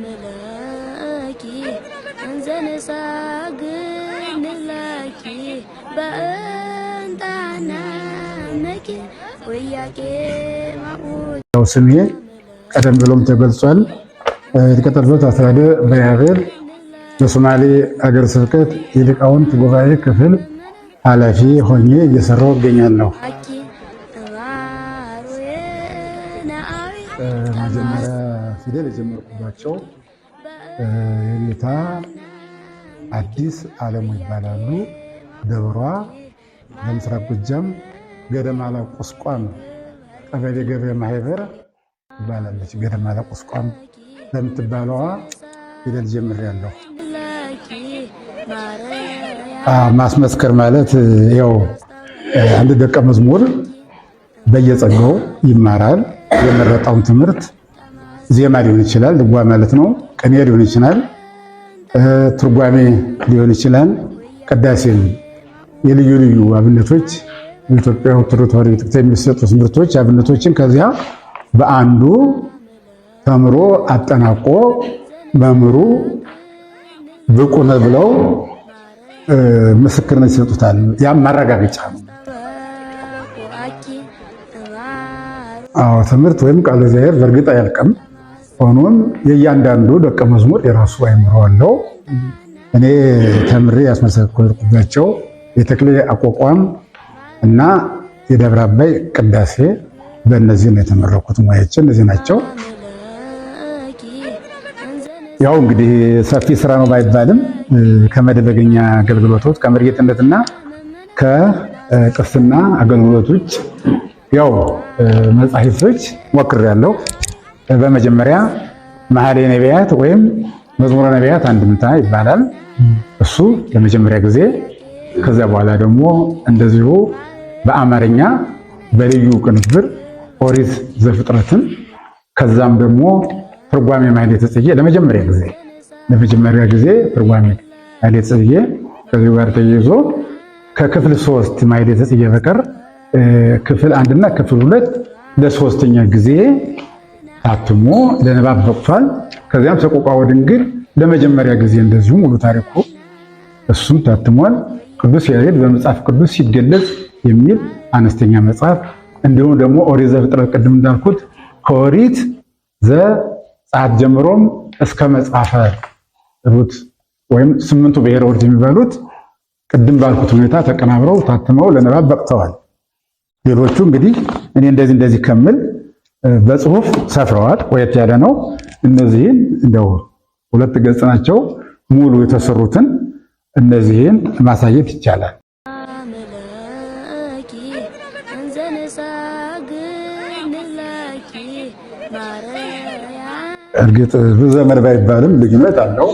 መላኪ እንዘነሳግን ላኪ በእንጣና መኪ ወያቄ ማው ስሜ ቀደም ብሎም ተገልጿል። የተቀጠርበት አስተዳደር በያቤል በሶማሌ አገር ስብከት የሊቃውንት ጉባኤ ክፍል ኃላፊ ሆኜ እየሰራው እገኛለሁ። ፊደል የጀመርኩባቸው የኔታ አዲስ አለሙ ይባላሉ። ደብሯ በምስራቅ ጎጃም ገደማላ ቁስቋም ቀበሌ ገብረ ማህበር ትባላለች። ገደማላ ቁስቋም በምትባለዋ ፊደል ጀምሬያለሁ። ማስመስከር ማለት ያው አንድ ደቀ መዝሙር በየጸጋው ይማራል የመረጣውን ትምህርት ዜማ ሊሆን ይችላል፣ ልጓ ማለት ነው። ቅኔ ሊሆን ይችላል፣ ትርጓሜ ሊሆን ይችላል፣ ቅዳሴም የልዩ ልዩ አብነቶች በኢትዮጵያ ኦርቶዶክስ ተዋሕዶ ቤተክርስቲያን የሚሰጡ ትምህርቶች አብነቶችን ከዚያ በአንዱ ተምሮ አጠናቆ መምሩ ብቁ ነው ብለው ምስክርነት ይሰጡታል። ያም ማረጋገጫ ነው። አዎ ትምህርት ወይም ቃለ እግዚአብሔር በእርግጥ አያልቅም። ሆኖም የእያንዳንዱ ደቀ መዝሙር የራሱ አይምሮ አለው። እኔ ተምሬ ያስመሰከርኩባቸው የተክሌ አቋቋም እና የደብረ አባይ ቅዳሴ በእነዚህ ነው የተመረኩት። ሙያቸው እነዚህ ናቸው። ያው እንግዲህ ሰፊ ስራ ነው ባይባልም ከመደበገኛ አገልግሎቶች ከመርጌትነትና ከቅስና አገልግሎቶች ያው መጽሐፍቶች ሞክሬያለሁ። በመጀመሪያ መኃልየ ነቢያት ወይም መዝሙረ ነቢያት አንድምታ ይባላል። እሱ ለመጀመሪያ ጊዜ ከዚያ በኋላ ደግሞ እንደዚሁ በአማርኛ በልዩ ቅንብር ኦሪት ዘፍጥረትን ከዛም ደግሞ ትርጓሜ ማኅሌተ ጽጌ ለመጀመሪያ ጊዜ ለመጀመሪያ ጊዜ ትርጓሜ ማኅሌተ ጽጌ ከዚሁ ጋር ተያይዞ ከክፍል ሶስት ማኅሌተ ጽጌ በቀር ክፍል አንድና ክፍል ሁለት ለሶስተኛ ጊዜ ታትሞ ለንባብ በቅቷል። ከዚያም ሰቆቃወ ድንግል ለመጀመሪያ ጊዜ እንደዚሁ ሙሉ ታሪኩ እሱም ታትሟል። ቅዱስ ያሬድ በመጽሐፍ ቅዱስ ሲገለጽ የሚል አነስተኛ መጽሐፍ፣ እንዲሁም ደግሞ ኦሪት ዘፍጥረት ቅድም እንዳልኩት ከኦሪት ዘጸአት ጀምሮም እስከ መጽሐፈ ሩት ወይም ስምንቱ ብሔረ ወርድ የሚባሉት ቅድም ባልኩት ሁኔታ ተቀናብረው ታትመው ለንባብ በቅተዋል። ሌሎቹ እንግዲህ እኔ እንደዚህ እንደዚህ ከምል በጽሁፍ ሰፍረዋል። ቆየት ያለ ነው። እነዚህን እንደው ሁለት ገጽ ናቸው ሙሉ የተሰሩትን እነዚህን ማሳየት ይቻላል። እርግጥ ብዙ ዘመን ባይባልም ልዩነት አለው።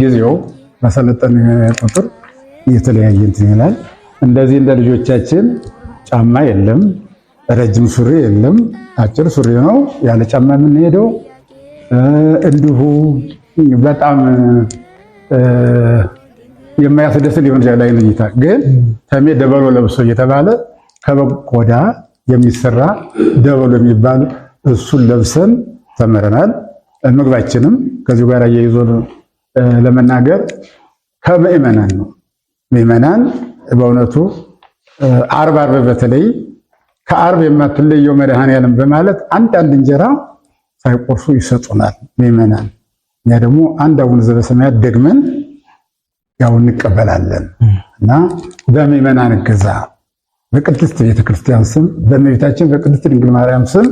ጊዜው መሰለጠን ቁጥር የተለያየ እንትን ይላል። እንደዚህ እንደ ልጆቻችን ጫማ የለም ረጅም ሱሪ የለም፣ አጭር ሱሪ ነው። ያለ ጫማ የምንሄደው እንዲሁ በጣም የማያስደስት ሊሆን ይችላል። አይነ እይታ ግን ተሜ ደበሎ ለብሶ እየተባለ ከበግ ቆዳ የሚሰራ ደበሎ የሚባል እሱን ለብሰን ተምረናል። ምግባችንም ከዚሁ ጋር እየይዞ ለመናገር ከምእመናን ነው። ምዕመናን በእውነቱ አርብ አርብ በተለይ ከአርብ የማትለየው መድኃኔዓለም በማለት አንድ አንድ እንጀራ ሳይቆርሱ ይሰጡናል ምእመናን እኛ ደግሞ አንድ አቡነ ዘበሰማያት ደግመን ያው እንቀበላለን እና በምዕመናን እገዛ በቅድስት ቤተክርስቲያን ስም በእመቤታችን በቅድስት ድንግል ማርያም ስም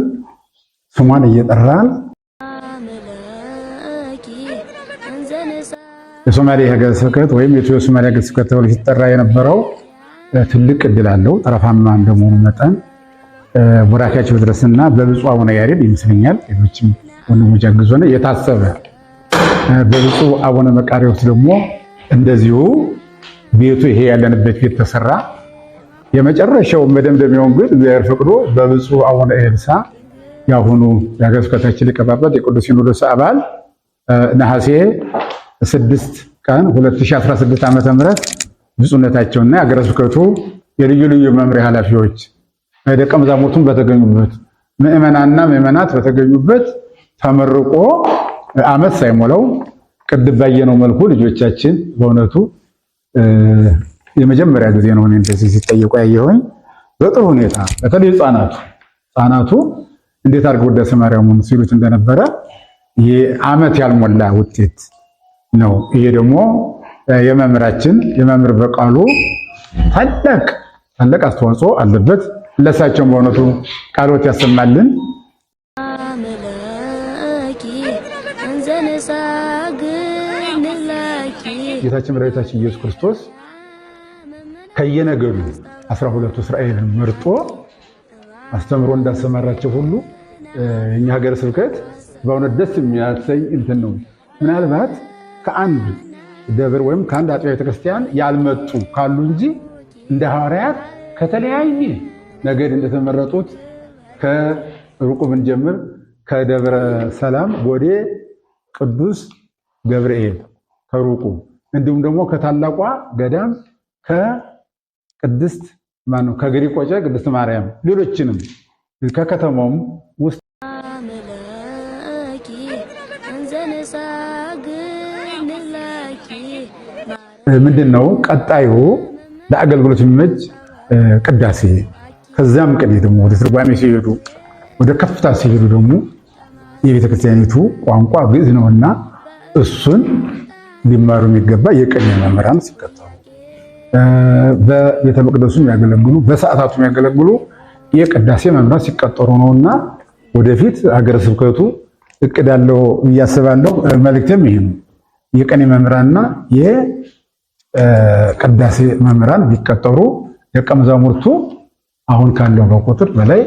ስሟን እየጠራን የሶማሌ ሀገረ ስብከት ወይም የኢትዮ ሶማሌ ሀገረ ስብከት ተብሎ ሲጠራ የነበረው ትልቅ እድል አለው። ጠረፋማ እንደመሆኑ መጠን ቦራኪያቸው በድረስና በብፁዕ አቡነ ያሬድ ይመስለኛል ሌሎችም ወንድሞች አግዞ ነው የታሰበ። በብፁዕ አቡነ መቃሪዎስ ደግሞ እንደዚሁ ቤቱ ይሄ ያለንበት ቤት ተሰራ። የመጨረሻው መደምደሚያውን ግን እግዚአብሔር ፈቅዶ በብፁዕ አቡነ ኤልሳ የአሁኑ የሀገረ ስብከታችን ሊቀ ጳጳስ የቅዱስ ሲኖዶስ አባል ነሐሴ ስድስት ቀን 2016 ዓ ም ብፁዕነታቸውና የሀገረ ስብከቱ የልዩ ልዩ መምሪያ ኃላፊዎች ደቀ መዛሙርቱን በተገኙበት ምእመናንና ምእመናት በተገኙበት ተመርቆ ዓመት ሳይሞላው ቅድም ባየነው መልኩ ልጆቻችን በእውነቱ የመጀመሪያ ጊዜ ነው እንደዚህ ሲጠየቁ ያየሁኝ። በጥሩ ሁኔታ በተለይ ህፃናቱ ህፃናቱ እንዴት አድርገው ውዳሴ ማርያሙን ሲሉት እንደነበረ አመት ያልሞላ ውጤት ነው። ይሄ ደግሞ የመምህራችን የመምህር በቃሉ ታላቅ ታላቅ አስተዋጽኦ አለበት። ለሳቸውም በእውነቱ ቃሎት ያሰማልን። ጌታችን መድኃኒታችን ኢየሱስ ክርስቶስ ከየነገዱ አስራ ሁለቱ እስራኤልን መርጦ አስተምሮ እንዳሰማራቸው ሁሉ የኛ ሀገረ ስብከት በእውነት ደስ የሚያሰኝ እንትን ነው። ምናልባት ከአንድ ደብር ወይም ከአንድ አጥቢያ ቤተክርስቲያን ያልመጡ ካሉ እንጂ እንደ ሐዋርያት ከተለያየ ነገድ እንደተመረጡት ከሩቁ ብንጀምር ከደብረ ሰላም ጎዴ ቅዱስ ገብርኤል ከሩቁ እንዲሁም ደግሞ ከታላቋ ገዳም ከቅድስት ማነው ከግሪቆጨ ቅድስት ማርያም ሌሎችንም ከከተማውም ውስጥ ምንድን ነው ቀጣዩ ለአገልግሎት የሚመች ቅዳሴ ከዚያም ቅድ ደግሞ ወደ ትርጓሜ ሲሄዱ ወደ ከፍታ ሲሄዱ ደግሞ የቤተ ክርስቲያኒቱ ቋንቋ ግዕዝ ነውና እሱን ሊማሩ የሚገባ የቅኔ መምህራን ሲቀጠሩ በቤተ መቅደሱ የሚያገለግሉ በሰዓታቱ የሚያገለግሉ የቅዳሴ መምህራን ሲቀጠሩ ነውና ወደፊት ሀገረ ስብከቱ እቅድ ያለው እያስባለው መልእክቴም ይሄ ነው። የቅኔ መምህራንና የቅዳሴ መምህራን ቢቀጠሩ ደቀ መዛሙርቱ አሁን ካለው ቁጥር በላይ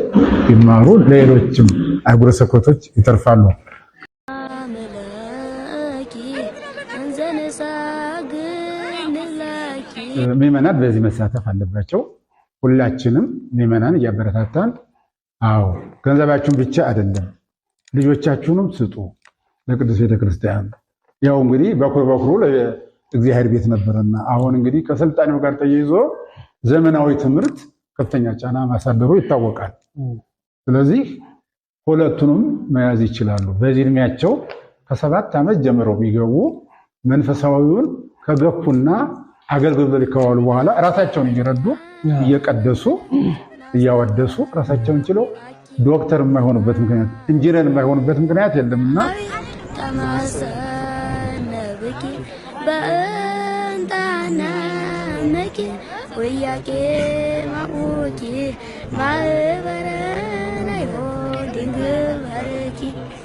ቢማሩ ለሌሎችም አህጉረ ስብከቶች ይተርፋሉ። ምዕመናን በዚህ መሳተፍ አለባቸው። ሁላችንም ምእመናን እያበረታታን፣ አዎ ገንዘባችሁን ብቻ አይደለም ልጆቻችሁንም ስጡ ለቅዱስ ቤተክርስቲያን። ያው እንግዲህ በኩር በኩሩ ለእግዚአብሔር ቤት ነበረና አሁን እንግዲህ ከስልጣኔው ጋር ተያይዞ ዘመናዊ ትምህርት ከፍተኛ ጫና ማሳደሩ ይታወቃል። ስለዚህ ሁለቱንም መያዝ ይችላሉ። በዚህ እድሜያቸው ከሰባት ዓመት ጀምረው ቢገቡ መንፈሳዊውን ከገፉና አገልግሎት ከዋሉ በኋላ ራሳቸውን እየረዱ እየቀደሱ እያወደሱ ራሳቸውን ችለው ዶክተር የማይሆኑበት ምክንያት ኢንጂነር የማይሆኑበት ምክንያት የለምና ተማሰነ Make it, We are get my old kid. My